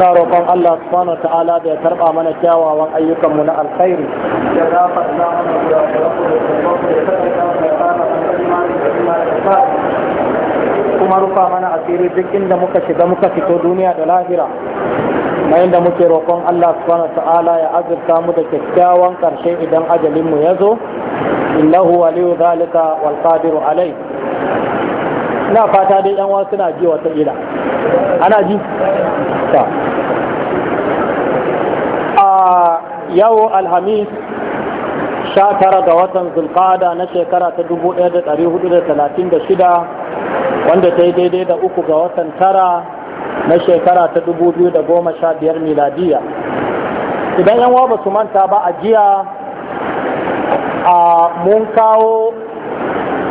muna roƙon Allah subhanahu ta'ala da ya karɓa mana kyawawan ayyukan mu na alkhairi ya gafarta mana kuma rufa mana asiri duk inda muka shiga muka fito duniya da lahira na inda muke roƙon Allah subhanahu ta'ala ya azurta mu da kyakkyawan ƙarshe idan ajalin mu ya zo innahu waliyu zalika wal qadiru alai ina fata dai yan wasu suna ji wata ila ana ji ta a yau alhamis sha tara ga watan zulkada na shekara ta 1436 wanda ta yi daidai da uku ga watan tara na shekara ta 2015 miladiya idan yan wa ba su manta ba a jiya a mun kawo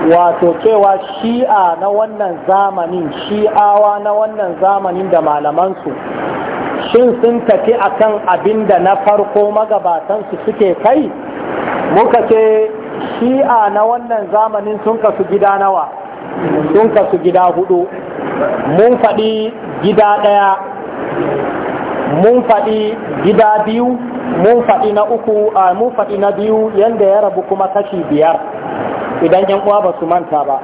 wato cewa shi'a na wannan zamanin shi'awa na wannan zamanin da malamansu shin sun tafi akan abin da na farko magabatansu suke kai muka ce shi'a na wannan zamanin sun kasu gida nawa sun kasu gida hudu mun faɗi gida ɗaya mun faɗi gida biyu mun faɗi na uku mun faɗi na biyu yadda ya rabu kuma kashi biyar idan yan uwa ba su manta ba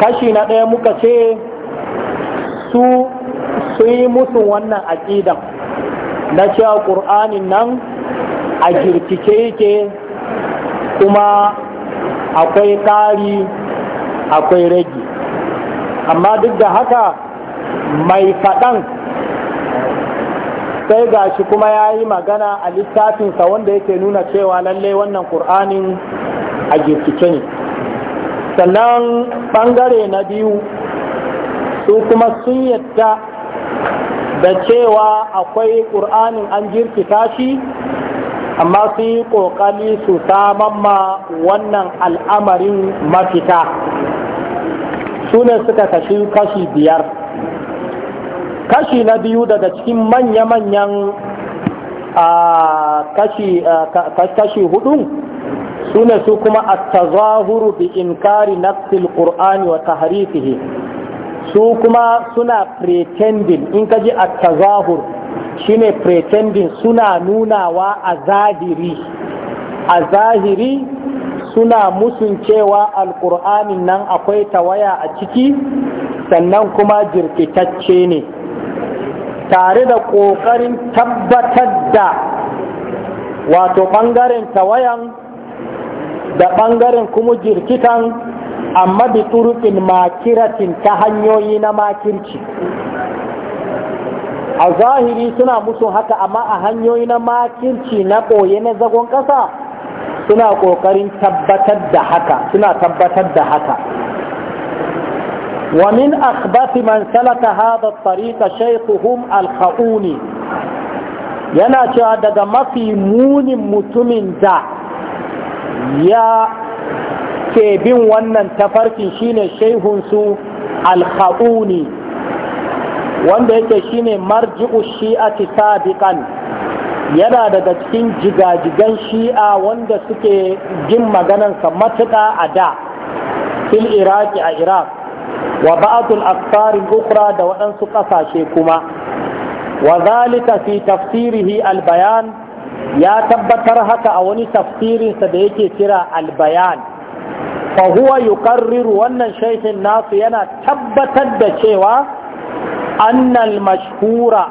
kashi na ɗaya muka ce su su yi musu wannan aƙidan na cewa ƙur'anin nan a girkice yake kuma akwai ƙari akwai rage amma duk da haka mai faɗan sai gashi kuma ya yi magana a littafinsa wanda yake nuna cewa lallai wannan ƙur'anin a girkice ne sannan ɓangare na biyu su kuma sun yadda da cewa akwai ƙur'anin an jirkita shi amma su yi ƙoƙari su saman ma wannan al'amarin mafita su ne suka kashi kashi biyar kashi na biyu daga cikin manya-manyan kashi hudu sune su kuma a tazahuru bi inkari nafsil qur'ani wa tahrifihi su kuma suna pretending in ka ji at-tazahur shine pretending suna nunawa a zahiri a zahiri suna musun cewa alƙur'anin nan akwai tawaya a ciki sannan kuma jirkitacce ne tare da ƙoƙarin tabbatar da wato ɓangaren tawayan da ɓangaren kuma jirkitan amma bi turukin makiratin ta hanyoyi na makirci a zahiri suna musu haka amma a hanyoyi na makirci na ɓoye na zagon ƙasa suna ƙoƙarin tabbatar da haka suna tabbatar da haka ومن أخبث من سلك هذا الطريق شيخهم الخؤوني yana cewa daga mafi munin mutumin da ya ke bin wannan tafarkin shine shehunsu alkhauni wanda yake shine marji'u shi'ati sabiqan yana daga cikin jigajigan shi'a wanda suke jin maganansa matuƙa a da fil iraki a iraq wa ba'atul aksarin ukra da waɗansu ƙasashe kuma wa zalika fi tafsirihi albayan ya tabbatar haka a wani tafsirinsa da yake kira albayan fa huwa yuqarriru wannan shaikhin nasu yana tabbatar da cewa annal mashhura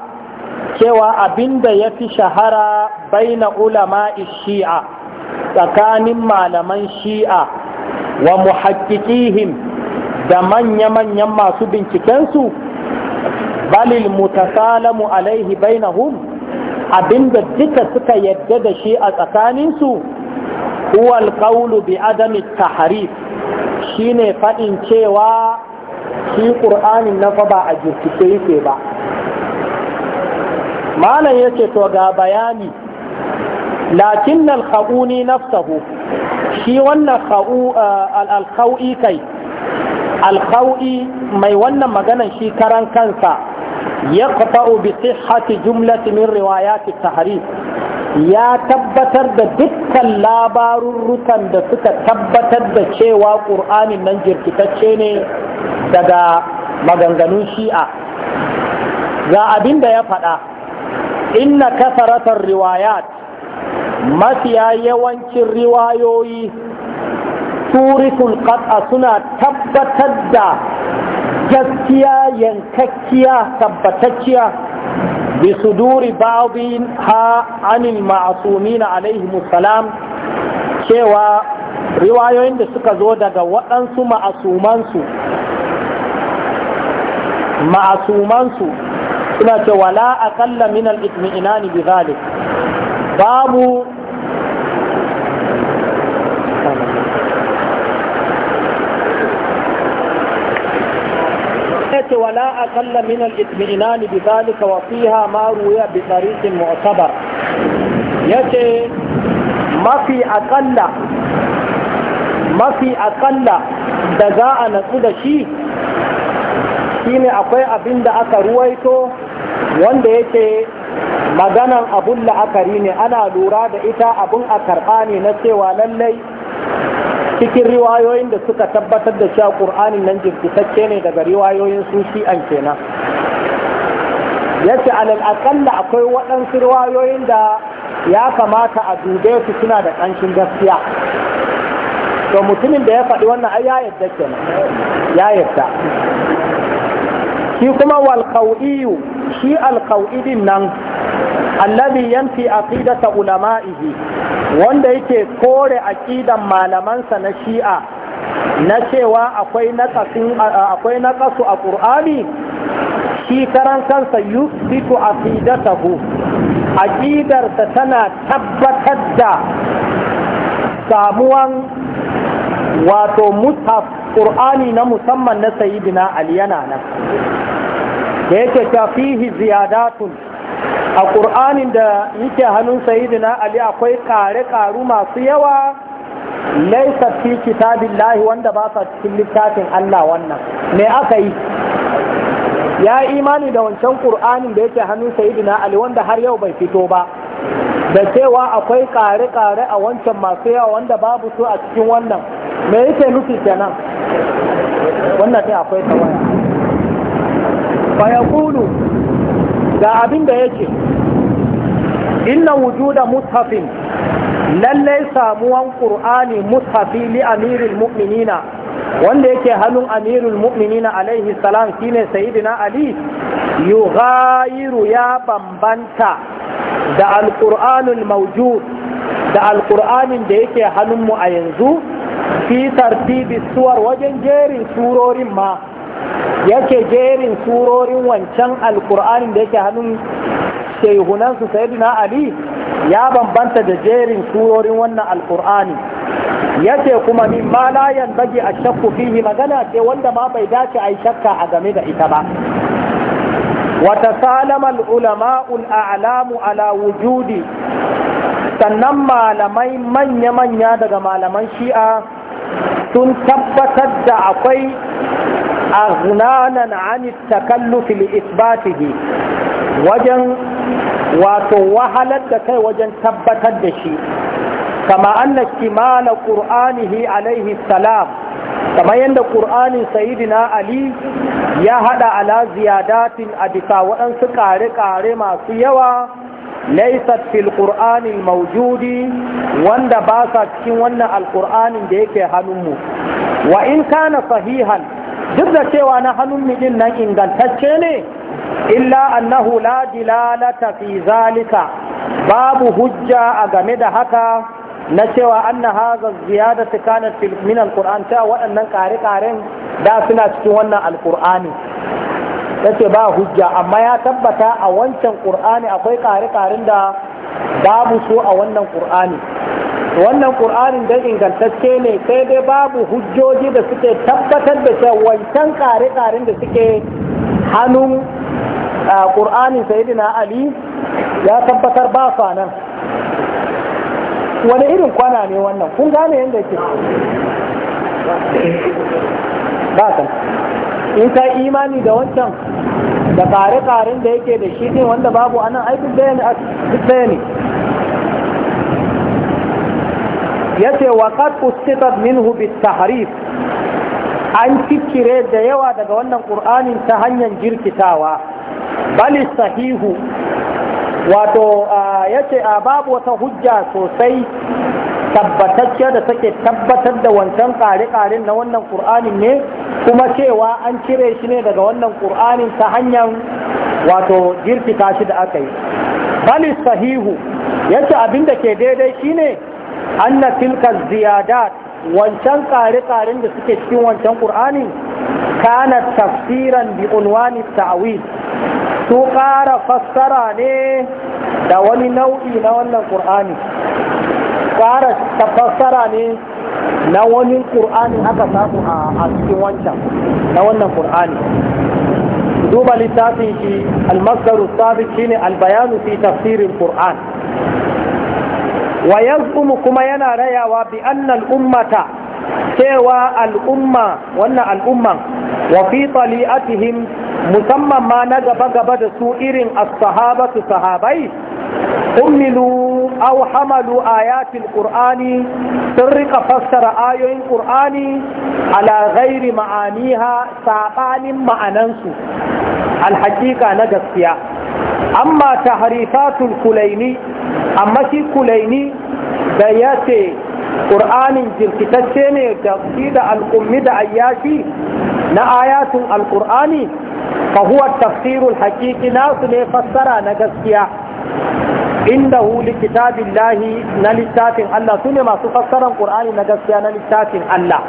cewa abinda ya fi shahara baina ulama'i shi'a tsakanin malaman shi'a wa muhakkikihim da manya-manyan masu bincikensu balil mutasalamu alaihi bainahum abinda duka suka yadda da shi a tsakaninsu huwal kaulu bi adami shi shine faɗin cewa shi ƙur'anin na fa ba a jirkice yake ba malam yace to ga bayani lakin al-khawuni shi wannan alkhau'i kai alkhau'i mai wannan maganan shi karan kansa يقطع بصحة جملة riwaya روايات التحريف ya tabbatar da dukkan labarurrukan da suka tabbatar da cewa ƙur'anin nan jirkitacce ne daga maganganun shi'a ga abin da ya faɗa inna kasaratar riwayat mafiya yawancin riwayoyi turikul qat'a suna tabbatar da gaskiya yankakkiya tabbatacciya bi suduri ba'din ha anil ma'sumin alaihimus salam cewa riwayoyin da suka zo daga waɗansu ma'asumansu ma'asumansu suna cewa la aqalla min al-itmi'inani bi zalik babu أقل من الإطمئنان بذلك وفيها ما روي بطريق معتبر يتي ما في أقل ما في أقل دزاء نسود شيء akwai abin da aka ruwaito wanda yake maganan abun la'akari ne ana lura da ita abun a na cewa lallai cikin riwayoyin da suka tabbatar da cewa ƙur'anin nan jirgitacce ne daga riwayoyin su an kenan ya ce alal aƙalla akwai waɗansu riwayoyin da ya kamata a dube su suna da ƙanshin gaskiya to mutumin da ya faɗi wannan ai ya yarda kenan ya yarda shi kuma qawiyu shi al qawidin nan alladhi yanfi aqidata ulama'ihi wanda yake kore aqidan malamansa na shi'a na cewa akwai naqasin akwai naqasu a qur'ani shi karan kansa yusbitu aqidatahu aqidarsa tana tabbatar da samuwan wato mushaf qur'ani na musamman na sayyidina ali yana nan da yake ta fihi ziyadatun a ƙur'anin da yake hannun sayidina ali akwai kare-karu masu yawa laisa fi kitabillahi wanda ba sa cikin littafin Allah wannan me aka yi ya imani da wancan ƙur'anin da yake hannun sayidina ali wanda har yau bai fito ba da cewa akwai kare-kare a wancan masu yawa wanda babu su a cikin wannan me yake nufi kenan wannan ne akwai tawaya ga abin da yake inna wujuda mushafin lallai samuwan Kur'ani, mushafi li amiril mu'minina wanda yake hannun amirul mu'minina alaihi salam shine sayidina ali yughayiru ya bambanta da alqur'anul maujud da Alkur'anin da yake hannun mu a yanzu fi tartibi suwar wajen jerin surorin ma yake jerin surorin wancan alkur'anin da yake hannun shehunansu sayyidina ali ya bambanta da jerin surorin wannan alkur'ani yace kuma min ma la yanbaghi ashakku fihi magana ce wanda ma bai dace ai shakka a game da ita ba Wata tasalama al a a'lamu ala wujudi sannan malamai manya manya daga malaman shi'a sun tabbatar da akwai aghlalan an takallufi li isbatihi wajen wato wahalar da kai wajen tabbatar da shi kama anna kimala qur'anihi alaihi salam kama yadda qur'anin sayidina ali ya hada ala ziyadatin a bisa waɗansu kare-kare masu yawa laisat fil qur'anil mawjudi wanda ba sa cikin wannan alqur'anin da yake mu. wa in kana sahihan duk da cewa na hannun mijin nan ingantacce ne illa annahu la dilalata fi zalika babu hujja a game da haka na cewa anna hadha ziyadatu kanat filmin alkur'an ta waɗannan ƙare-ƙaren da suna cikin wannan ta yace ba hujja amma ya tabbata a wancan ƙur'ani akwai ƙare karen da babu su a wannan ƙur'ani wannan ƙur'anin don ingantacce ne sai dai babu hujjoji da suke tabbatar da shi wancan ƙare-ƙaren da suke hannun ƙur'anin sayidina ali ya tabbatar ba sa nan wani irin kwana ne wannan kun gane yadda ke? ba ta in ka imani da wancan da ƙare-ƙaren da yake da shi ne wanda babu anan ai duk ɗaya ne yace wa qad ustitat minhu bitahrif an cikire da yawa daga wannan qur'anin ta hanyar jirkitawa bali sahihu wato yace a babu wata hujja sosai tabbatacce da take tabbatar da wancan ƙare-ƙaren na wannan ƙur'anin ne kuma cewa an cire shi ne daga wannan ƙur'anin ta hanyar wato jirkita shi da aka yi bali sahihu yace abinda ke daidai shi ne. anna tilka ziyadat wancan kare-karen da suke cikin wancan qur'ani kana tafsiran bi unwani ta'wil su ƙara fassara ne da wani nau'i na wannan qur'ani ƙara fassara ne na wani qur'ani aka samu a cikin wancan na wannan qur'ani duba littafin shi al-masdaru shine albayanu fi tafsirin qur'an wa mu kuma yana rayawa bi annal ummata cewa al'umma wannan al'umman wa fi tali'atihim musamman ma na gaba gaba da su irin as-sahabatu sahabai ummilu aw hamalu ayatil qur'ani sun rika fassara ayoyin qur'ani ala ghairi ma'aniha sabanin ma'anansu al na gaskiya amma tahrifatul kulaini amma shi kulaini da ya ce ƙur'anin jirkitacce ne da shi da al'ummi da ayyashi na ayatun al'ur'ani fa huwa tafsirul haƙiƙi nasu ne fassara na gaskiya inda huli kitabin lahi na littafin Allah su ne masu fassaran ƙur'ani na gaskiya na littafin Allah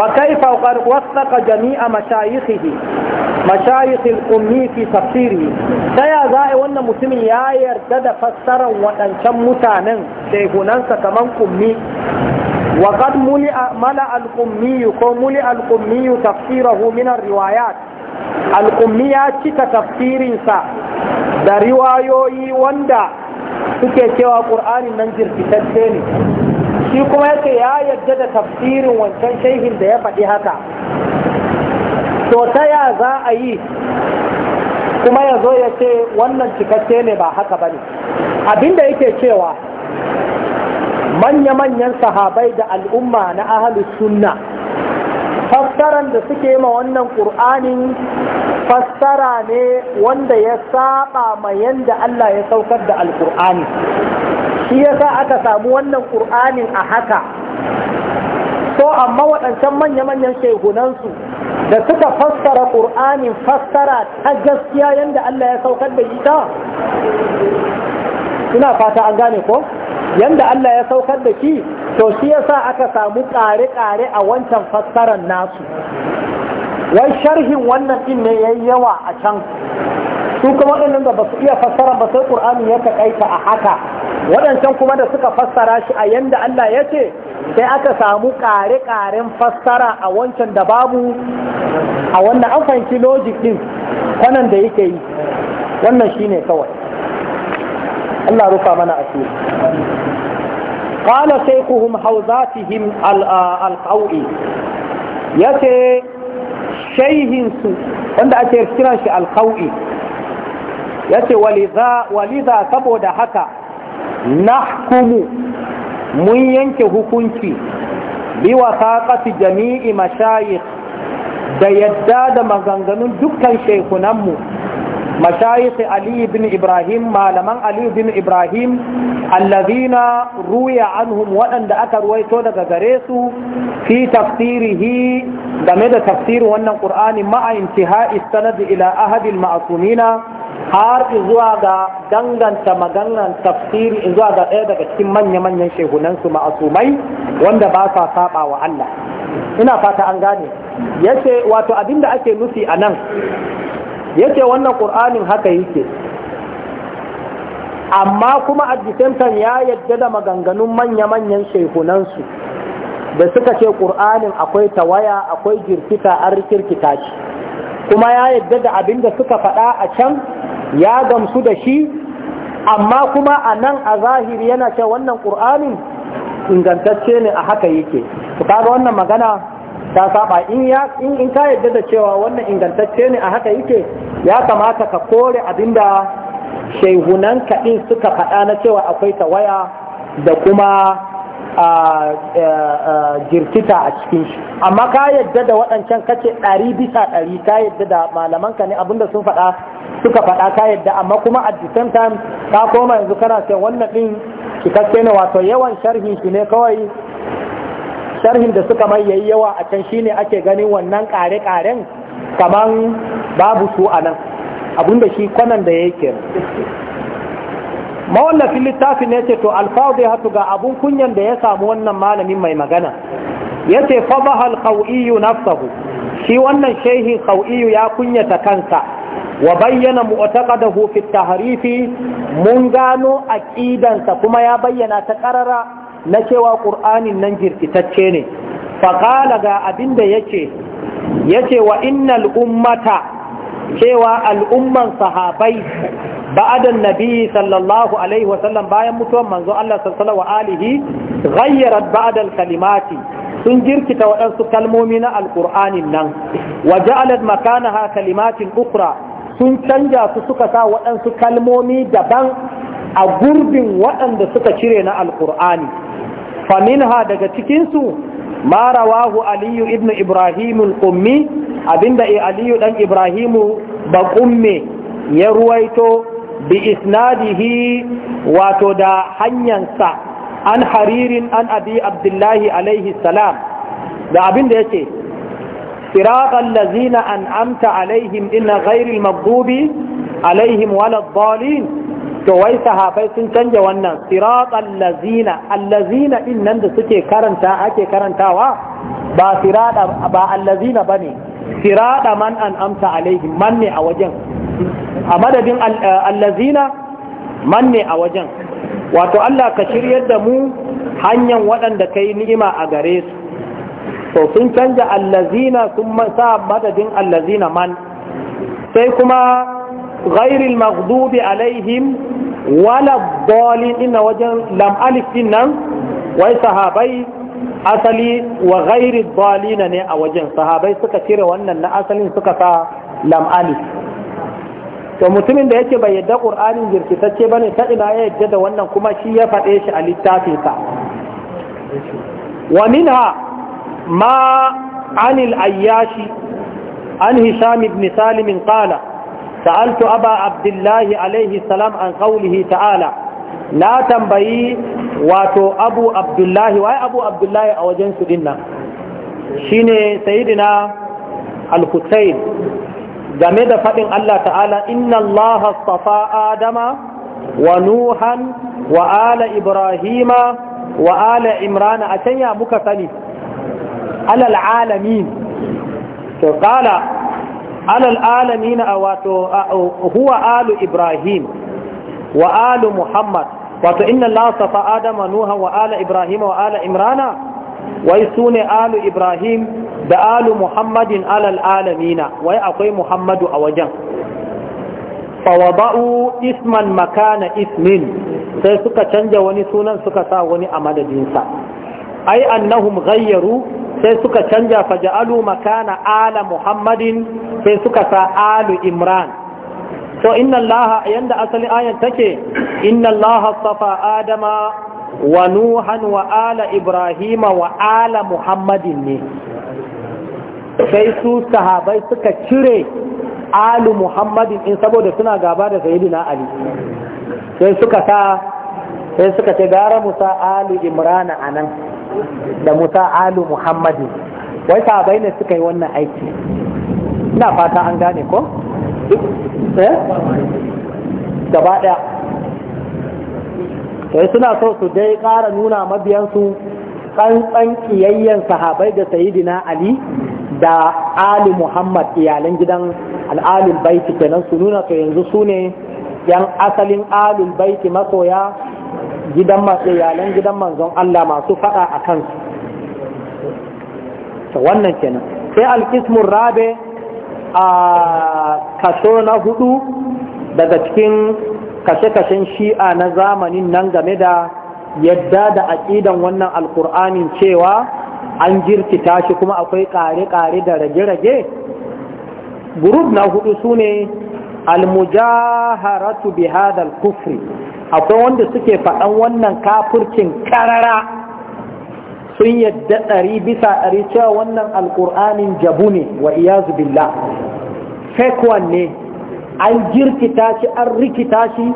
wa kaifa wasaka jami'a mashayikhihi mashayikhin ummiki tafsiri ta ya za a wannan mutumin ya yarda da fassarar waɗancan mutanen shehunansa kamar ummi wa qad muli mala al ummi ko muli al ummi tafsirahu min riwayat al ummi ya ci ta da riwayoyi wanda suke cewa qur'ani nan jirkitacce ne shi kuma yake ya yarda da tafsirin wancan shehin da ya faɗi haka to ta ya za a yi kuma ya zo ya ce wannan cikakke ne ba haka ba ne abinda yake cewa manya-manyan sahabai da al'umma na ahalus sunna fassaran da suke yi ma wannan ƙur'anin fassara ne wanda ya saba ma yadda Allah ya saukar da Alkur'ani. shi yasa aka samu wannan ƙur'anin a haka so amma waɗancan manya-manyan shehunansu da suka fassara ƙur'anin fassara ta gaskiya yadda Allah ya saukar da ita ina fata an gane ko yadda Allah ya saukar da ki, to shi yasa aka samu ƙare-ƙare a wancan fassarar nasu wai sharhin wannan din ne yayi yawa a can su kuma wadannan da ba iya fassara ba sai ƙur'ani ya taƙaita a haka waɗancan kuma da suka fassara shi a yanda Allah ya ce sai aka samu ƙare-ƙaren fassara a wancan da babu a wannan an fahimci logic din kwanan da yake yi wannan shine kawai Allah rufa mana asiri qala shaykhuhum hawzatihim al-qawi yace shayhin su wanda ake kiran shi al-qawi yace walidha walidha saboda haka nahkumu mun yanke hukunci wasa faƙafi jami'i mashayikh da yadda da maganganun dukkan shekunanmu mashayikh Aliyu ibn Ibrahim malaman Aliyu ibn Ibrahim Allabina, ruya anhum waɗanda aka ruwaito daga gare su fi tafsirihi game da tafsirin wannan Qur'ani ma'a intihai sanad ila ahadil ma'asumina har zuwa ga danganta maganar tafsiri zuwa ga ɗaya daga cikin manya-manyan shehunansu ma'asumai wanda ba sa saba wa Allah ina fata an gane yace wato abinda ake nufi a nan yace wannan ƙur'anin haka yake amma kuma a jikintan ya yadda da maganganun manya-manyan shehunansu da suka ce ƙur'anin akwai tawaya akwai jirkita an rikirkita ci, kuma ya yadda da abinda suka faɗa a can ya gamsu da shi amma kuma a nan a zahiri yana ce wannan ƙur'anin ingantacce ne a haka yake su kaga wannan magana ta saba in ya ka yadda da cewa wannan ingantacce ne a haka yake ya kamata ka kore abinda shehunan kaɗin suka faɗa na cewa akwai ta waya da kuma jirkita a cikin shi amma ka yadda da waɗancan kace ɗari bisa ɗari ka yadda da malamanka ne abinda sun faɗa suka faɗa ka yadda amma kuma at the same time ka koma yanzu kana cewa wannan din cikakke ne wato yawan sharhin shi ne kawai sharhin da suka mai yayi yawa a can shine ake ganin wannan kare-karen? kaman babu su a nan abinda shi kwanan da yake mawallafin littafi ne ce to alfawdi hatu ga abun kunyan da ya samu wannan malamin mai magana yace ce fadahal qawiyu nafsahu shi wannan shehi qawiyu ya kunyata kansa wa bayyana mu'taqadahu fi tahrifi mun gano aqidansa kuma ya bayyana ta karara na cewa qur'anin nan jirkitacce ne fa qala ga abinda yace yace wa innal ummata cewa al'umman sahabai ba'dan nabi sallallahu alaihi wa sallam bayan mutuwar manzo Allah sallallahu wa alihi ghayyarat ba'dal kalimati sun jirkita waɗansu kalmomi na alƙur'anin nan wa ja'alat makanaha kalimatin ukra sun canja su suka sa waɗansu kalmomi daban a gurbin waɗanda suka cire na alkur'ani faminha daga cikinsu ma rawahu aliyu ibn ibrahimul ummi abinda eh, aliyu ɗan ibrahimu ba ƙumme ya ruwaito bi isnadihi wato da hanyansa an haririn an abi abdullahi alaihi salam da abinda yake صراط الذين أنعمت عليهم إن غير المغضوب عليهم ولا الضالين to wai sahabai sun canja wannan siratal lazina allazina din nan da suke karanta ake karantawa ba sirada ba allazina bane sirada man an amsa alaihim man ne a wajen a madadin eh, allazina man ne a wajen wato Allah ka shiryar da mu hanyar waɗanda kai ni'ima a gare su to sun canja allazina sun sa madadin allazina man sai kuma ghairil maghdubi alaihim wala dalin ina wajen lam alif din nan wai sahabai asali wa ghairi dalina ne a wajen sahabai suka cire wannan na asalin suka sa lam alif to mutumin da yake bai yadda qur'anin jirkitacce bane ta ina ya yadda da wannan kuma shi ya faɗe shi a littafinsa wa minha ما عن الأياشي عن هشام بن سالم قال سألت أبا عبد الله عليه السلام عن قوله تعالى لا تنبئي واتو أبو عبد الله وأي أبو عبد الله أو جنس دينا شين سيدنا الحسين game da faɗin Allah ta'ala inna Allah astafa Adama wa Nuhan wa ala Ibrahima wa ala Imrana a can ya muka sani alal alamin to qala alal alamin wato huwa alu ibrahim wa alu muhammad wato inna allaha safa adama nuha wa ala ibrahim wa ala imrana wai sune alu ibrahim da alu muhammadin alal alamina wai akwai muhammadu a wajen fawada'u isman makana ismin sai suka canja wani sunan suka sa wani a madadinsa ai annahum ghayyaru sai suka canja faja'alu makana ala muhammadin sai suka sa alu imran to inna allaha yanda asalin ayan take inna allaha safa adama wa nuhan wa ala ibrahima wa ala muhammadin ne sai su sahabai suka cire alu muhammadin in saboda suna gaba da sayyidina ali sai suka sa sai suka ce gara musa alu imrana anan da musa alu muhammadu wai sahabai ne suka yi wannan aiki ina fata an gane ko eh? gaba ɗaya sai suna so su dai ƙara nuna mabiyansu tsantsan kiyayyen sahabai da sayidina ali da ali muhammad iyalan gidan al'alul baiti kenan su nuna to yanzu su ne yan asalin alul baiti masoya gidan iyalan gidan manzon Allah masu faɗa a kansu wannan kenan sai alkismun rabe a kaso na hudu daga cikin kashe-kashen shi'a na zamanin nan game da yadda da aƙidan wannan alkur'anin cewa an jirkita shi kuma akwai ƙare-ƙare da rage-rage gurub na hudu su ne almujaharatu bi hadal kufri akwai wanda suke faɗan wannan kafircin karara sun yadda ɗari bisa ɗari cewa wannan alƙur'anin jabu ne wa iyazu billah fekwan ne an girkita shi an rikita shi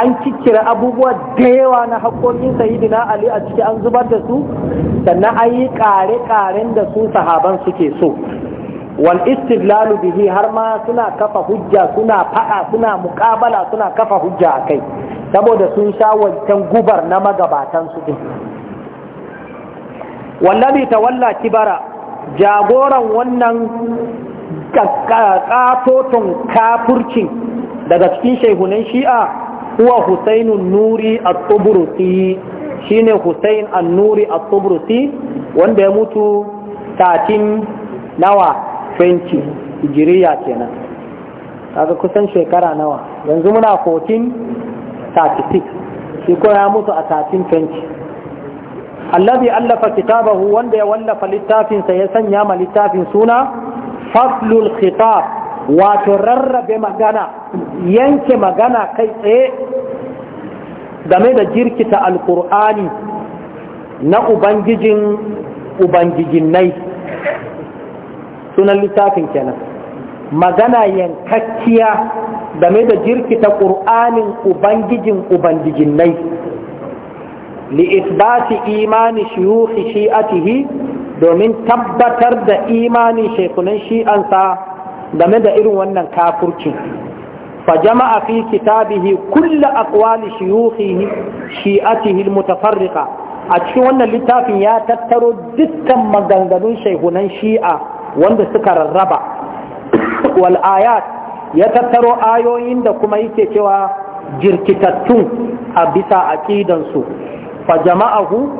an cikira abubuwa da yawa na haƙoƙin sayidina ali a ciki an zubar da su sannan an yi ƙare-ƙaren da su sahaban suke so wal istidlalu bihi har ma suna kafa hujja suna faɗa suna mukabala suna kafa hujja a kai saboda sun sha wancan gubar na magabatan su din wallabi tawalla kibara jagoran wannan katoton kafurcin daga cikin shehunan shi'a huwa husainun nuri at-tubrusi shine husain an-nuri at wanda ya mutu tatin nawa 20 hijiriya kenan kaga kusan shekara nawa yanzu muna 1436 shi ko ya mutu a 1320 allazi allafa kitabahu wanda ya wallafa littafin sa ya sanya ma littafin suna faslul khitab wato rarrabe magana yanke magana kai tsaye game da jirkita alkur'ani na ubangijin ubangijin nai sunan littafin kenan magana yankakkiya game da jirkita ƙur'anin ubangijin ubangijinai li isbati imani shi shi'atihi domin tabbatar da imanin shekunan shi'ansa game da irin wannan kafurcin fa jama'a fi kitabihi kulla aqwali shuyukhihi shi'atihi mu mutafarriqa a cikin wannan littafin ya tattaro dukkan maganganun shehunan shi'a wanda suka rarraba wal ayat ya tattaro ayoyin da kuma yake cewa jirkitattun a bisa aqidansu fa jama'ahu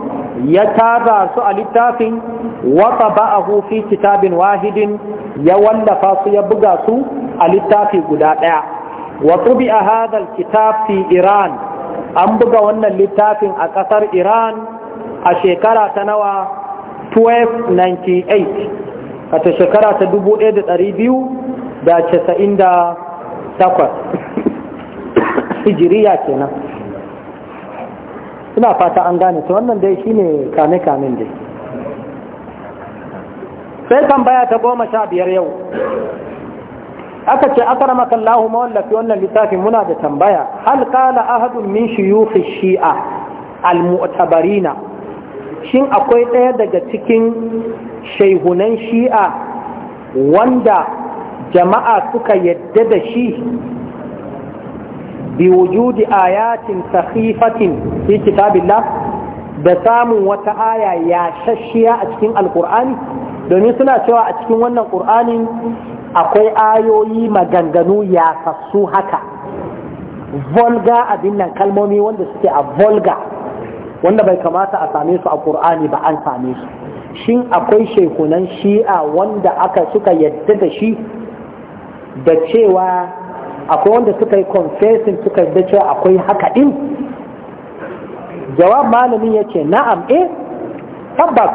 ya tada su a littafin wata ba'ahu fi kitabin wahidin ya wallafa su ya buga su a littafi guda ɗaya wa tubi a hadal kitafi fi iran an buga wannan littafin a ƙasar iran a shekara ta nawa 1298 ta shekara ta 1298 hijiriya kenan suna fata an gane ta wannan dai shine kame-kamen dai sai tambaya ta goma sha biyar yau aka ce akaramaka Allah mawallafi wannan littafin muna da tambaya halkala qala ahadun min shuyukh shi'a al-mu'tabarina shin akwai ɗaya daga cikin shaihunan shi'a wanda jama'a suka yadda da shi Bi wujudi ayatin sahifatin fi kitabillah da samun wata aya ya shashiya a cikin alkur'ani domin suna cewa a cikin wannan Ƙur'ani akwai ayoyi maganganu ya sassu haka volga abin nan kalmomi wanda suke a volga wanda bai kamata a same su a ƙur'ani ba an same su shin akwai shekunan shi'a wanda aka suka yadda da shi da cewa akwai wanda suka yi confessing suka yadda cewa akwai haka din jawab malamin ya ce na'am eh tabbas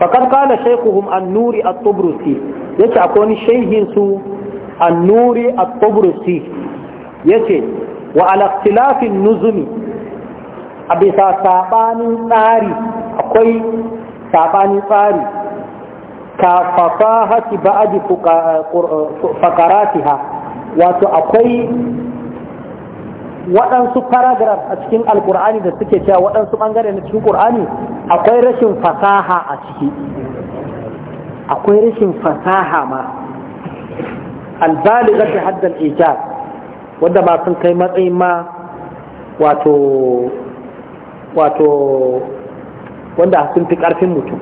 fakar kala shaikuhum annuri at-tubrusi ce akwai wani shehin su annuri at-tubrusi yace wa ala nuzumi a bisa saɓanin tsari akwai saɓanin tsari ka fasahati ba'adi fakaratiha wato akwai waɗansu paragraf a cikin Alƙur'ani da suke cewa waɗansu ɓangare na cikin ƙur'ani akwai rashin fasaha a ciki akwai rashin fasaha ma albaligar da haddal ijab wanda ba sun kai matsayin ma wato wato wanda sun fi ƙarfin mutum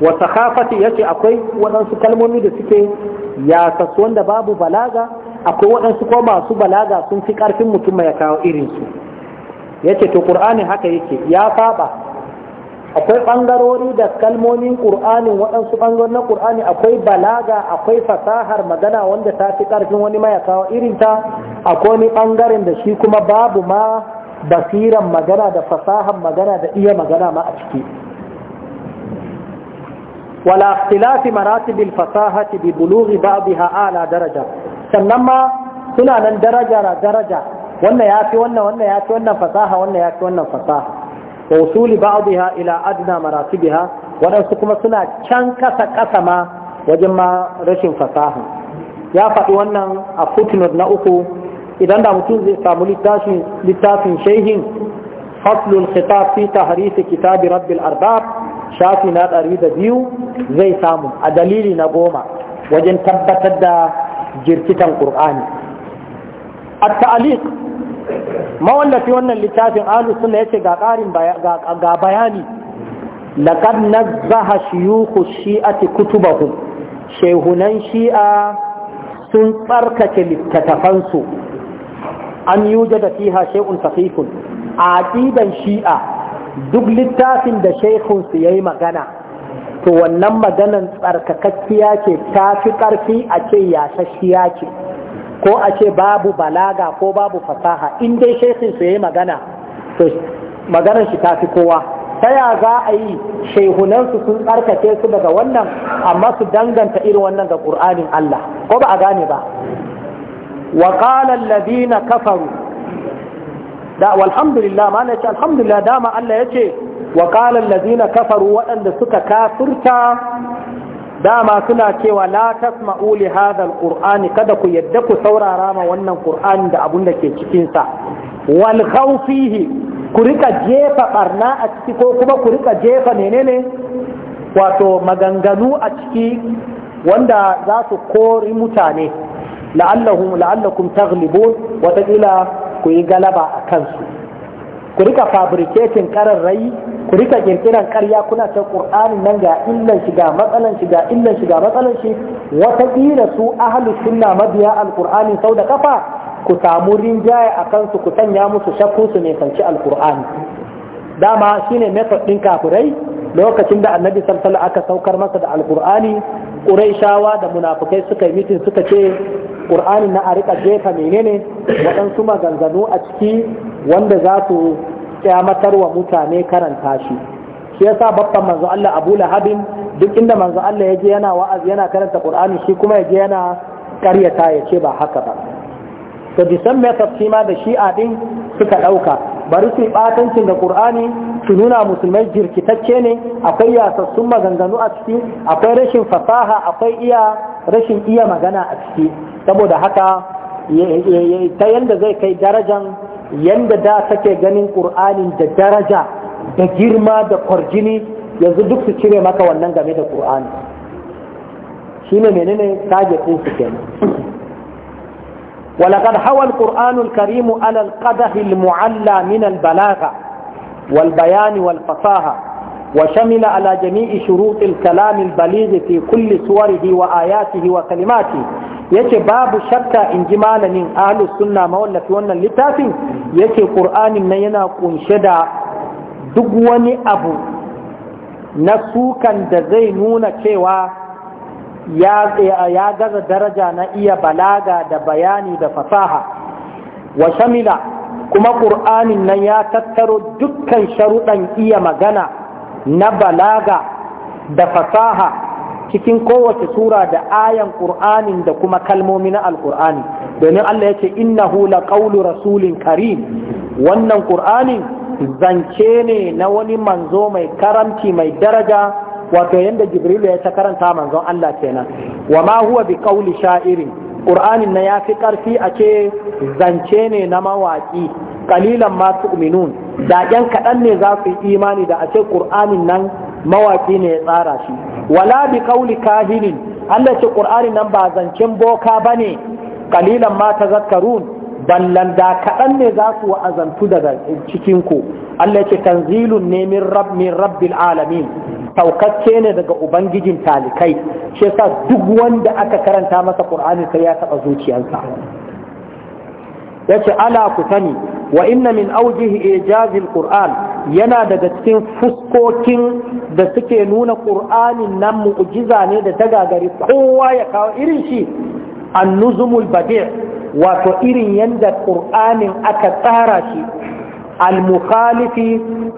wata ya ce akwai waɗansu kalmomi da suke ya sassu wanda babu balaga akwai waɗansu ko masu balaga sun fi ƙarfin mutum ya kawo irinsu ce to ƙur'ani haka yake ya faɓa akwai ɓangarori da kalmomin ƙur'anin waɗansu ɓangarori na ƙur'ani akwai balaga akwai fasahar magana wanda ta fi ƙarfin wani kawo irinta akwai wani ɓangaren da shi kuma babu ma basiran magana da fasahan magana da iya magana ma a ciki wala ikhtilafi maratibil fasahati bi bulughi ba'dha ala daraja sannan ma suna nan daraja daraja wannan yafi wannan wannan yafi wannan fasaha wannan yafi wannan fasaha wa usuli ba'dha ila adna maratibiha wadansu kuma suna can kasa kasa ma wajen ma rashin fasaha ya faɗi wannan a footnote na uku idan da mutum zai samu littafin shaihin shehin faslul khitab fi tahrif kitab rabbil arbab shafi na ɗari da biyu zai samu a dalili na goma wajen tabbatar da jirkitan qur'ani A ta'liq mawallafi wannan littafin ahlus sunna yace ga ƙarin ga bayani laqad nazzaha shuyukhu shi'ati kutubahum shehunan shi'a sun tsarkake littattafansu an da fiha shay'un safifun a aqidan shi'a duk littafin da shaykhun su yayi magana to wannan maganan tsarkakakkiya ce ta fi karfi a ce sashiya ce ko a ce babu balaga ko babu fasaha in dai shaykhun su yayi magana to maganar shi ta fi kowa ta ya za a yi su sun tsarkake su daga wannan amma su danganta irin wannan ga ƙur'anin Allah ko ba a gane ba wa qala alladhina kafaru da walhamdulillah ma ne alhamdulillah dama Allah yace wa qala alladhina kafaru waɗanda suka kafirta dama suna kewa la tasma'u li hadha kada ku yadda ku saurara ma wannan qur'ani da abun da ke cikinsa. sa wal khawfihi ku rika jefa ɓarna a ciki ko kuma ku rika jefa menene wato maganganu a ciki wanda za su kori mutane la'allahum la'allakum taghlibun wata ku yi galaba a kansu ku rika fabricating rai, ku rika kirkiran karya kuna ta qur'ani nan ga illan shi ga matsalan shi ga illan shi ga matsalan shi wataƙila su ahlus sunna mabiya alqur'ani sau da kafa ku samu rinjaye a kansu ku sanya musu shakku su ne kanci alqur'ani dama shine method din kafurai, lokacin da annabi sallallahu aka saukar masa da alqur'ani quraishawa da munafikai suka yi mitin suka ce ƙur'ani na a riƙa jefa menene waɗansu maganganu a ciki wanda za su kyamatar wa mutane karanta shi shi yasa babban manzo Allah Abu Lahabin duk inda manzo Allah ya je yana wa'azi yana karanta ƙur'ani shi kuma yaje yana karyata ya ce ba haka ba to disan me shi da shi'a din suka ɗauka. bari su batancin da ƙur'ani su nuna musulmai jirkitacce ne akwai yasassun maganganu a ciki akwai rashin fasaha akwai iya rashin iya magana a ciki saboda haka ta yanda zai kai darajan yanda da take ganin ƙur'anin da daraja da girma da kwarjini yanzu duk su cire maka wannan game da ƙur'ani shi ne menene kage ko su kenan ولقد حوى القرآن الكريم على القدح المعلى wal البلاغة والبيان والفصاحة وشمل على جميع شروط الكلام البليغ في كل صوره وآياته وكلماته yace babu shakka in ji malamin ahlus sunna mawallafi wannan littafin yake qur'anin nan yana kunshe da duk wani abu na sukan da zai nuna cewa ya gaza daraja na iya balaga da bayani da fasaha wa shamila kuma qur'anin nan ya tattaro dukkan sharuɗan iya magana na balaga da fasaha cikin kowace sura da ayan ƙur'anin da kuma kalmomi na alƙur'ani domin Allah ya ce inna hula ƙaulu rasulin karim wannan ƙur'anin zance ne na wani manzo mai karamci mai daraja wato yadda jibrilu ya ta karanta manzon Allah kenan wa ma huwa bi qawli sha'irin ƙur'anin na ya fi ƙarfi a ce zance ne na mawaƙi qalilan ma tu'minun da yan kaɗan ne za su yi imani da ashe qur'anin nan mawaki ne ya tsara shi wala bi qauli kahinin Allah ce qur'anin nan ba zancen boka bane qalilan ma tazakkarun ballan da kaɗan ne za su azantu daga cikin ku Allah ce tanzilun ne min rabb rabbil alamin saukacce ne daga ubangijin talikai shi yasa duk wanda aka karanta masa qur'ani sai ya taba zuciyarsa yace ala ku sani wa inna min aujihi ijazil qur'an yana daga cikin fuskokin da suke nuna qur'anin nan mu'jiza ne da ta gagari kowa ya kawo irin shi annuzumul badi' wato irin yanda qur'anin aka tsara shi al-mukhalifi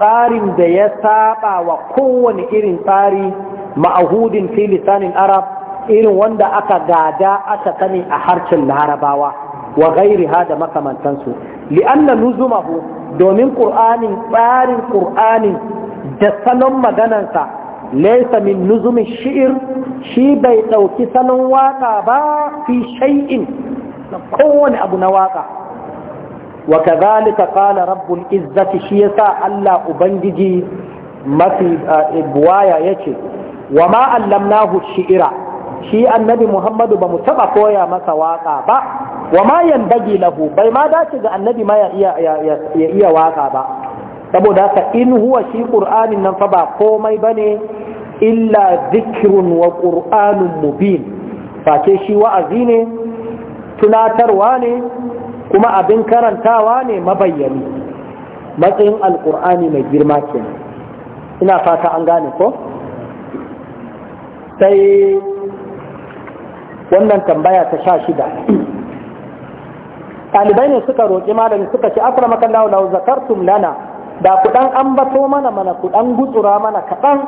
tsarin da ya saba wa kowane irin tsari ma'ahudin fi lisanin arab irin wanda aka gada aka sani a harshen larabawa wa ghairiha da makamantansu li'anna nuzumahu domin qur'anin tsarin qur'anin da salon maganansa laysa min nuzumin shi'ir shi bai dauki salon waka ba fi shay'in kowane abu na waka wa kadhalika qala rabbul izzati shi yasa Allah ubangiji mafi eh, buwaya yace wa ma allamnahu shi'ira shi annabi muhammadu ba mu taba koya masa waka ba wa ma yanbagi lahu bai ma dace ga annabi ma ya iya ya iya waka ba saboda ka in huwa shi qur'anin nan fa ba komai bane illa zikrun wa qur'anun mubin face shi wa'azi ne tunatarwa ne kuma abin karantawa ne mabayyani matsayin alqur'ani mai girma kenan ina fata an gane ko sai wannan tambaya ta sha shida ɗalibai ne suka roƙi malami suka ce afra makallahu lau zakartum lana da kuɗan ambato mana mana kuɗan gutsura mana kaɗan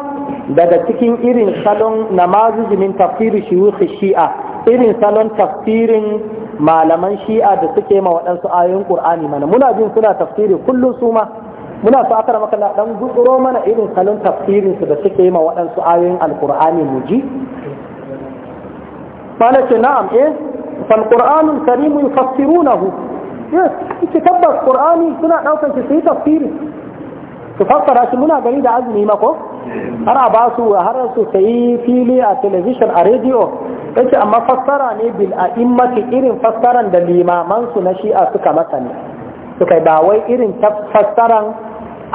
daga cikin irin salon namazuzumin tafsirin shiyuhi shi'a irin salon tafsirin malaman shi'a da suke ma waɗansu ayoyin ƙur'ani mana muna jin suna tafsiri kullum su ma muna so akara maka dan gutsuro mana irin salon tafsirin su da suke ma waɗansu ayoyin alƙur'ani mu ji mana ce na'am eh fal qur'anul karim yufassirunahu ki tabbas qur'ani suna daukan shi sai tafsiri su fassara muna gani da azumi mako har a basu har su sayi fili a television a radio yace amma fassara ne bil a'immati irin fassaran da limaman su na shi'a suka masa ne suka ba wai irin fassaran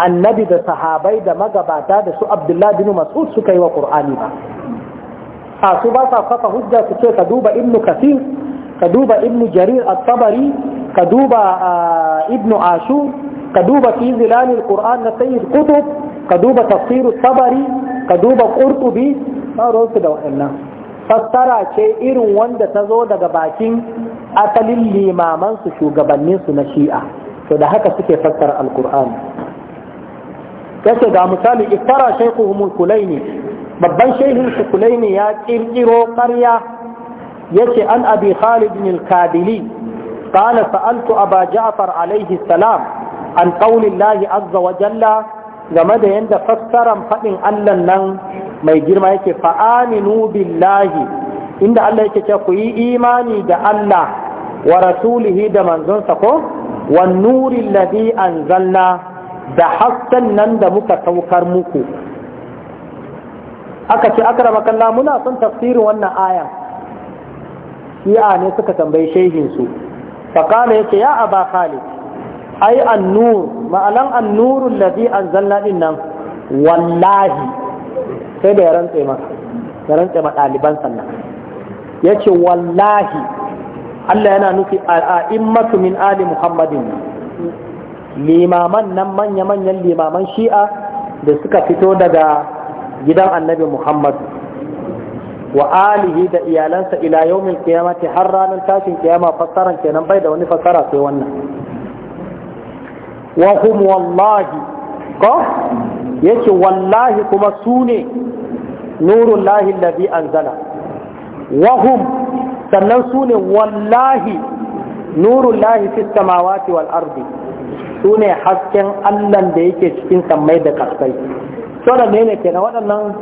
annabi da sahabai da magabata da su abdullahi bin mas'ud suka yi wa qur'ani ba a su ba sa kafa hujja su ce ka duba ibnu kasir ka duba ibnu jarir at-tabari ka duba ah, ibnu ashur ka duba fi al qur'an na sayyid kutub ka duba tafsir tabari ka duba qurtubi sauran su da waɗannan fassara ce irin wanda ta zo daga bakin asalin limaman su shugabannin su na shi'a to da haka suke fassara alqur'ani yace ga misali iftara shaykhuhum kulaini babban shehin su kulaini ya kirkiro ƙarya yace an abi khalid bin al-kadili qala sa'altu aba ja'far alayhi salam an qawli allah azza wa jalla game da yanda fassaran fadin Allah nan mai girma yake fa'aminu billahi inda Allah yake ce ku yi imani da Allah wa rasulihi da manzonsa ko wa nuri alladhi anzalna da hasken nan da muka saukar muku aka ce aka kalla muna son tafsirin wannan aya shi'a ne suka tambayi shehinsu faƙala ya ce ya ba khalid ai annur ma'anan annurun an zalla din nan wallahi sai da ya rantse maka ya rantse ma ɗaliban sannan ya ce wallahi Allah yana nufi a a'immatu min ali muhammadin limaman nan manya-manyan limaman shi'a da suka fito daga gidan annabi muhammad wa alihi da iyalansa ila yawmin qiyamati har ranar tashin kiyama fassaran kenan bai da wani fassara sai wannan wa hum wallahi ko yace wallahi kuma su ne nurul lahi anzala wa hum sannan su ne wallahi nurullahi lahi fis samawati wal ardi su ne hasken allan da yake cikin sammai da kasai so da ne na waɗannan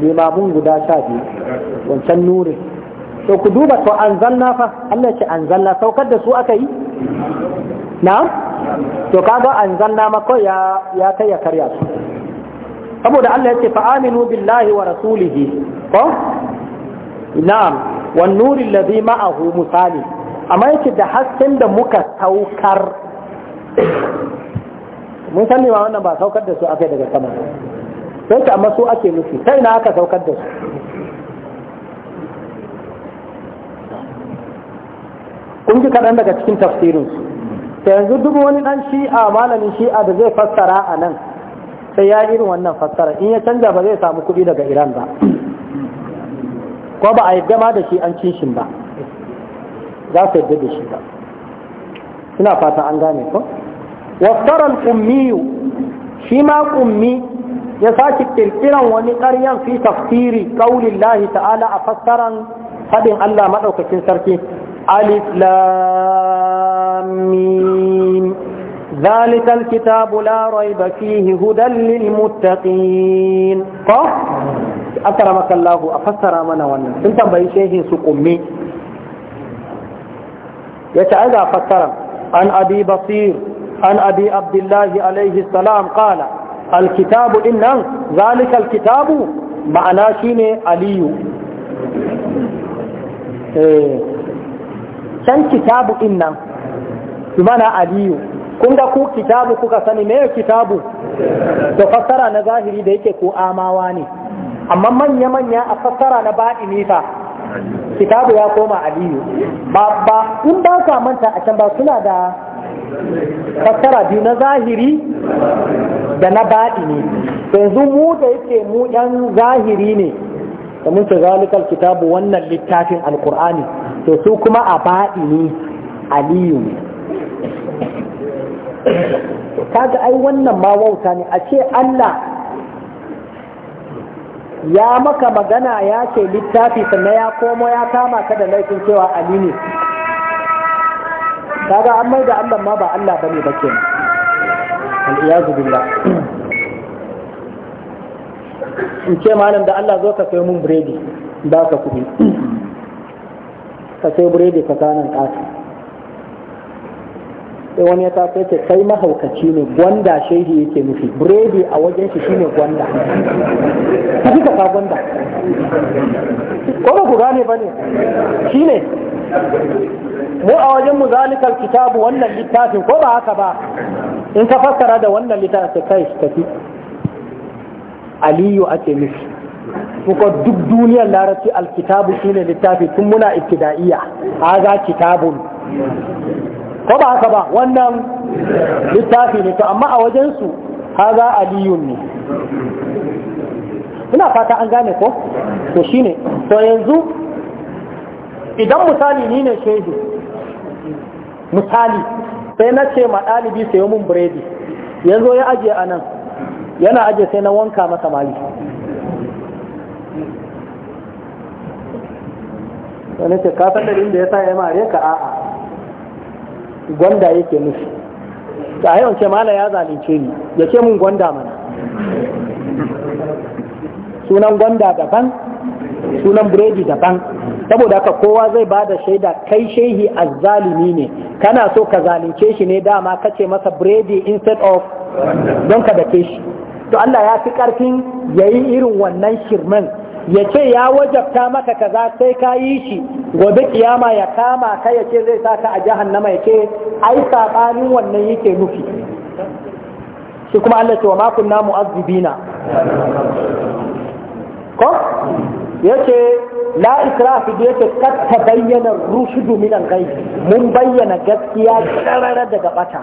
limamun guda sha biyu wancan nuri to ku duba to an zanna fa Allah ce an zanna saukar da su aka yi na to kaga an zanna mako ya ya kai ya karya su saboda Allah ya ce fa aminu billahi wa rasulihi ko na'am wan nuri alladhi ma'ahu misali amma yake da hasken da muka saukar mun sani ma wannan ba saukar da su akai daga sama sai ta amma su ake nufi sai na aka saukar da su kun ji kaɗan daga cikin tafsirin su sai yanzu dubu wani ɗan shi'a malamin shi'a da zai fassara a nan sai ya irin wannan fassara in ya canja ba zai samu kuɗi daga iran ba ko ba a yi ma da shi an cin ba za su yadda da shi ba Suna fata an gane ko وافترى القمي شما قمي يساكي التلقرا ونقريا في تفسير قول الله تعالى أفسرا فبه الله مدعوك تنسركي ألف لامين ذلك الكتاب لا ريب فيه هدى للمتقين أكرمك الله أفسر من ون أنت بيشيه سقمي يتعالى أفسر عن أبي بصير عن أبي عبد الله عليه السلام قال الكتاب إن ذلك الكتاب معنى شين علي كان كتاب إن بمعنى علي kunga ku kitabu kuka sani me kitabu to fassara na zahiri da yake ku amawa ne amma manya-manya a fassara na baɗi nisa kitabu ya koma aliyu ba in ba manta a can ba suna da fassara biyu na zahiri da na baɗi ne yanzu mu da yake mu ɗan zahiri ne da mun ce zalikal kitabu wannan littafin alkur'ani to su kuma a baɗi ne aliyu ne kaga ai wannan ma wauta ne a ce Allah ya maka magana ya ce littafi sannan ya komo ya kama ka da laifin cewa ali ne kaga an mai da Allah ma ba Allah bane ba ke iyazu billah in ce malam da Allah zo ka sayo mun biredi ba ka kuɗi ka sayo biredi ka kanan ƙasa sai wani ya taso ce kai mahaukaci ne gwanda shehi yake nufi biredi a wajen shi shine gwanda ka fi ka gwanda ko ba ku gane ba ne shine mu a wajen mu zalikar kitabu wannan littafin ko ba haka ba in ka fassara da wannan littafin kai shi tafi aliyu ake nufi kuka duk duniyar larabci alkitabu shi ne littafi tun muna ibtida'iyya haza kitabun ko ba haka ba wannan littafi ne to amma a wajen su haza Aliyu ne ina fata an gane ko to shi ne to yanzu idan misali ni ne shaidu misali sai na ce ma ɗalibi sayo mun biredi ya zo ya ajiye a nan yana ajiye sai na wanka masa mali wani ce ka san dalilin da ya sa ya mare ka a'a gwanda yake nufi ta hayon ce mala ya zalunce ni ya ce mun gwanda mana sunan gwanda daban sunan biredi daban saboda haka kowa zai ba da shaida kai shehi azzalimi ne kana so ka zalunce shi ne dama ka ce masa biredi instead of don ka dake shi to Allah ya fi karfin yayi irin wannan shirman ya ce ya wajabta maka kaza sai ka yi shi gobe kiyama ya kama ka ya ce zai saka a jahannama ya ce ai sabanin wannan yake nufi shi kuma Allah ce wa ma kunna mu'azzibina ko yace la ikrafi da yace ta bayyana rushdu min al-ghayb mun bayyana gaskiya karara daga bata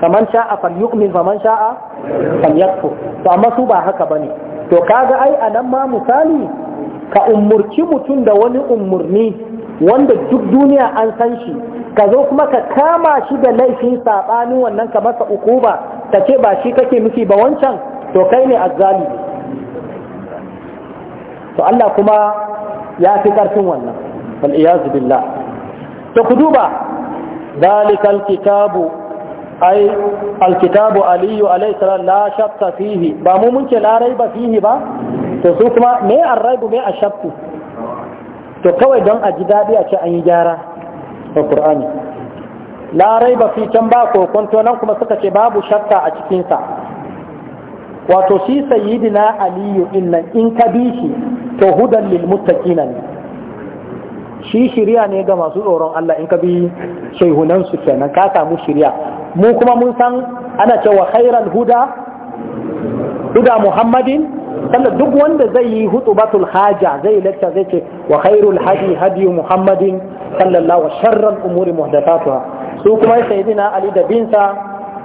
kaman sha'a fal yu'min fa man sha'a fal yakfu to amma su ba haka bane to kaga ai anan ma misali ka umurci mutum da wani umurni wanda duk duniya an san shi ka zo kuma ka kama shi da laifin sabanin wannan ka masa ukuba ka ce ba shi kake nufi ba wancan to kai ne azzalimi to Allah kuma ya fi ƙarfin wannan bal iyazu billah to ku duba dalikal kitabu ai alkitabu aliyu alayhi salam la shakka fihi ba mu mun ce la raiba fihi ba to su kuma me raibu me a shakku to kawai don a ji daɗi a ce an yi gyara a qur'ani la raiba fi can ba ko kwanto nan kuma suka ce babu shakka a cikin sa wato shi sayyidina aliyu innan in ka bi shi to hudan lil muttaqina ne shi shiriya ne ga masu tsoron Allah in ka bi shehunan su kenan ka samu shiriya mu kuma mun san ana cewa khairal huda huda muhammadin sallar duk wanda zai yi hutubatul haja zai lecture zai ce wa khairul hadi hadi muhammadin sallallahu sharral umuri muhdathatuha su kuma sayyidina ali da binsa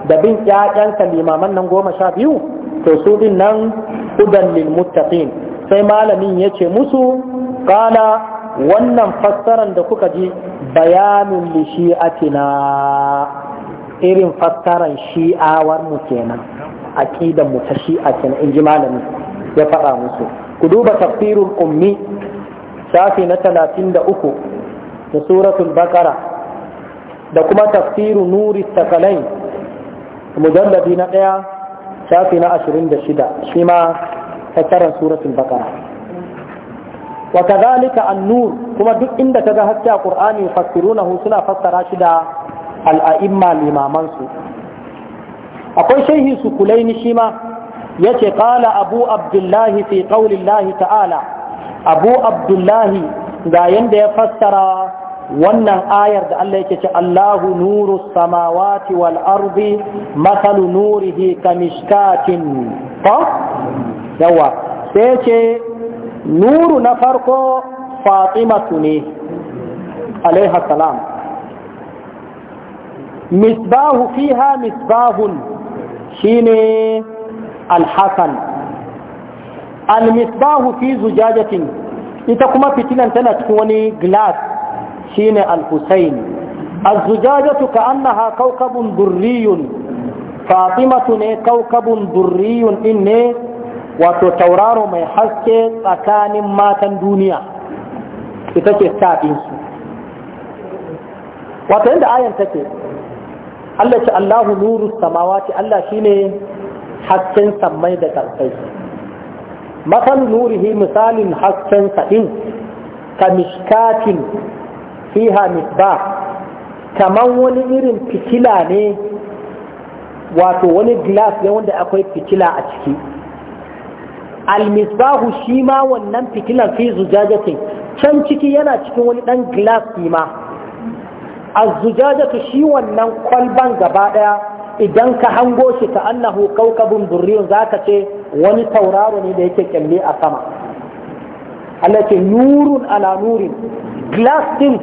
da bin ƴaƴansa limaman nan goma sha biyu to su bin nan hudan lil muttaqin sai malamin ya ce musu ƙala. wannan fassaran da kuka ji shi li shi'atina irin fassaran shi'awar mu kenan aqidan mu ta shi'a in inji malami ya faɗa musu ku duba tafsirul ummi shafi na talatin da uku, da suratul baqara da kuma tafsiru nuri takalai mujallabi na ɗaya shafi na ashirin da shida shi ma fassarar suratul baqara wa kadhalika an-nur kuma duk inda kaga haske a qur'ani hu suna fassara shi da al limaman su akwai shehi su kulaini shi ma yace qala abu abdullahi fi qawli ta'ala abu abdullahi ga yanda ya fassara wannan ayar da Allah yake ce Allahu nuru samawati wal ardi masalu nurihi kamishkatin ko yawa sai ce nuru na farko fatimatu ne alaiha salam misbahu fiha misbahun shine alhasan almisbahu fi zujajatin ita kuma fitilan tana cikin wani glass shine al-husayn az-zujajatu ka'annaha kawkabun durriyun fatimatu ne kawkabun durriyun din wato tauraro mai haske tsakanin matan duniya ita ce sa'in su wato yadda ayan take Allah ce Allahu nuru samawati Allah shine hasken sammai da ƙarfai masal nurihi misalin haskensa ɗin ka fiha misba kaman wani irin fitila ne wato wani glass ne wanda akwai fitila a ciki almisbahu shi ma wannan fitilan fi zujajatin can ciki yana cikin wani dan glass shi ma zujajatu shi wannan kwalban gaba daya idan ka hango shi ka annahu kaukabun durriyun zaka ce wani tauraro ne da yake kyalle a sama Allah nurun ala nurin glass din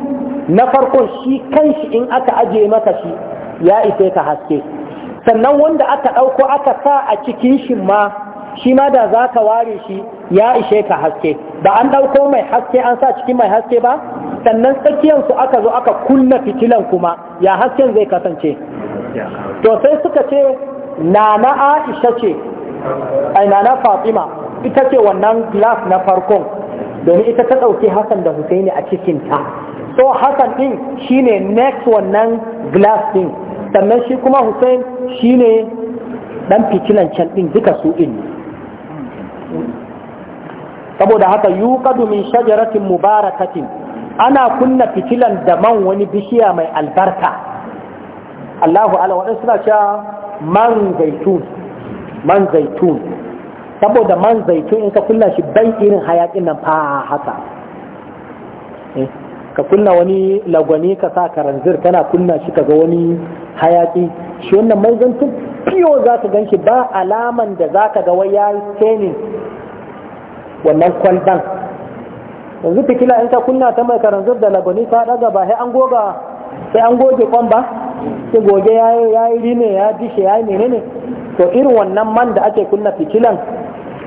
na farkon shi kanshi in aka aje maka shi ya ife ka haske sannan wanda aka ɗauko aka sa a cikin shi ma shi ma da za ka ware shi ya ishe ka haske ba an ɗauko mai haske an sa cikin mai haske ba sannan tsakiyansu aka zo aka kunna fitilan kuma ya hasken zai kasance to sai suka ce nana aisha ce ai nana fatima ita ce wannan glass na farkon domin ita ta ɗauki Hassan da Husaini a cikin ta so Hassan ɗin shine next wannan glass ɗin sannan shi kuma Hussein shine ɗan fitilan can ɗin duka su ɗin saboda haka yuqadu min shajaratin mubarakatin ana kunna fitilan da man wani bishiya mai albarka Allahu ala waɗansu suna cewa man zaitun man zaitun saboda man zaitun in ka kunna shi bai irin hayakin nan fa haka eh, ka kunna wani lagwani ka sa karanzir kana kunna shi kaga wani hayaki shi wannan mai zaitun fiyo za ka gan shi ba alaman da za ka ga wai ya yi wannan kwaldan. yanzu fikila in ka kunna ta mai karanzir da lagwani ta daga ba sai an goga sai an goge kwan ba sai goge ya yi rine ya dishe ya yi menene to irin wannan man da ake kunna fikilan.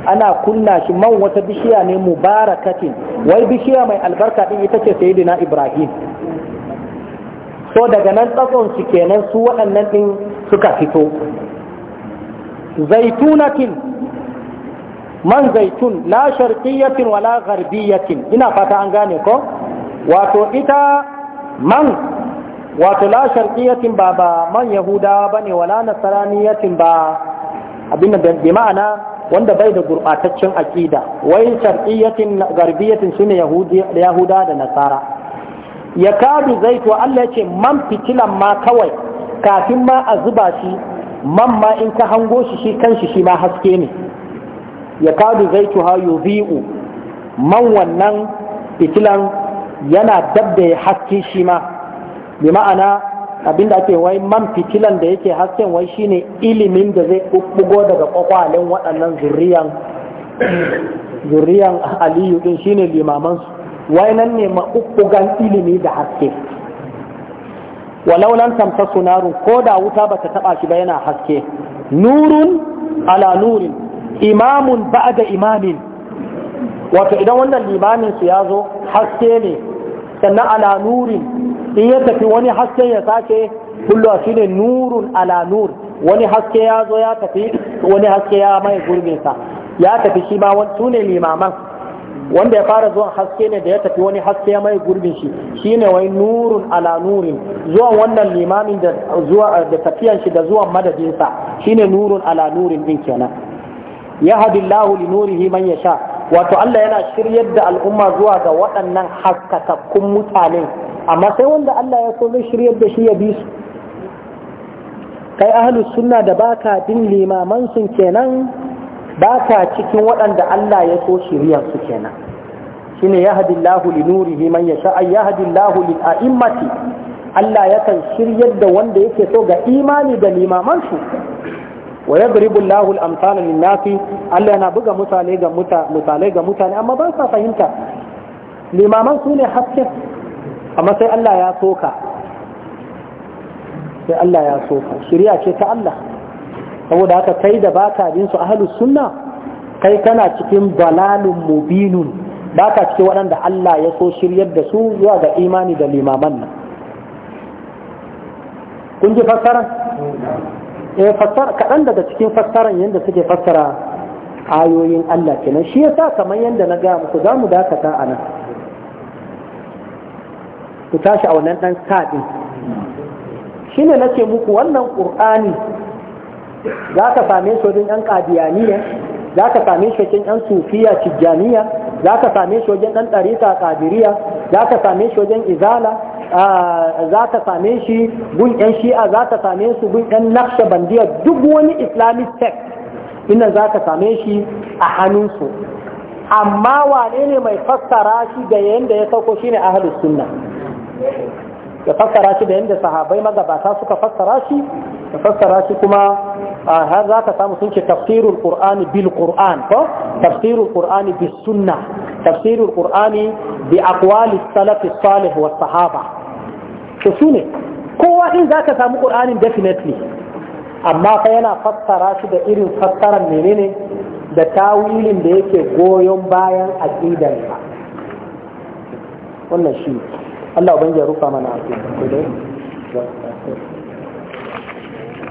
ana kunna shi man wata bishiya ne mubarakatin wai bishiya mai albarka din ita ce sayyidina ibrahim so daga nan tsakon su kenan su waɗannan din suka fito zaitunatin man zaitun la sharqiyatin wala gharbiyatin ina fata an gane ko wato ita man wato la sharqiyatin ba ba man yahudawa bane wala nasraniyatin ba abin da bi ma'ana wanda bai da gurbataccen aƙida wai shar'iyyatin garbiyatin ne yahuda da nasara ya kadu zaito Allah ya ce man fitilan ma kawai kafin ma a zuba shi man ma in ka hango shi shi kanshi shi ma haske ne ya kadu zaito ha yudhi'u man wannan fitilan yana dabda haske shi ma bi ma'ana abinda ake wai man fitilan da yake hasken wai shine ilimin da zai bugo daga kwakwalen waɗannan zurriyan zurriyan aliyu din shine limaman su wai nan ne ma maɓuɓɓugan ilimi da haske walaulan tamta sunaru ko da wuta bata taba shi ba yana haske nurun ala nurin imamun ba'da imamin wato idan wannan limamin su ya zo haske ne sannan ala nurin in ya tafi wani hasken ya sake kulluwa shine nurun ala nur wani haske ya zo ya tafi wani haske ya mai gurbinsa ya tafi shi ma su ne limaman wanda ya fara zuwan haske ne da ya tafi wani haske ya mai gurbin shi shine wai nurun ala nurin zuwan wannan limamin da zuwa da tafiyan shi da zuwan madadinsa shine nurun ala nurin din kenan ya yahdillahu li nurihi man yasha wato Allah yana shiryar da al'umma zuwa ga waɗannan haskakakkun mutanen. amma sai wanda Allah ya so zai shiryar da shi ya bi su kai ahlus sunna da baka din limaman sun kenan baka cikin waɗanda Allah ya so shiryar su kenan shine yahdillahu li nurihi man yasha ay yahdillahu lil a'immati Allah yakan shiryar da wanda yake so ga imani da limaman su wa yadribu Allahu al-amsala lin-nasi Allah yana buga mutane ga mutane amma ba sa fahimta limaman su ne haske amma sai Allah ya soka sai Allah ya soka Shirya ce ta Allah saboda haka kai da baka bin su ahlus sunna kai kana cikin balalun mubinun baka cikin waɗanda Allah ya so shiryar da su zuwa ga imani da limaman nan kun ji fassara eh fassara kaɗan daga cikin fassaran yadda suke fassara ayoyin Allah kenan shi yasa kamar yadda na gaya muku za mu dakata a nan ku tashi a wannan ɗan kaɗin shi ne na ce muku wannan ƙur'ani za ka same shi wajen ɗan ƙadiyaniya za ka same shi wajen ɗan sufiya tijjaniya za ka same shi wajen ɗan ɗarita ƙadiriya za ka same shi wajen izala za ka same shi gun ƴan shi'a za ka same su gun ƴan naqsha bandiya duk wani islamic text inda za ka same shi a hannunsu amma wane ne mai fassara shi da yadda ya sauko shine ahlus sunna ya fassara shi da yadda sahabai magabata suka fassara shi ya fassara shi kuma har za ka samu sun ce tafsirul qur'ani bil qur'an ko tafsirul qur'ani bis sunna tafsirul qur'ani bi aqwali salaf salih wa sahaba to su ne kowa din za ka samu qur'anin definitely amma fa yana fassara shi da irin fassarar menene da tawilin da yake goyon bayan aqidan wannan shi Allah ban ya rufa mana asiri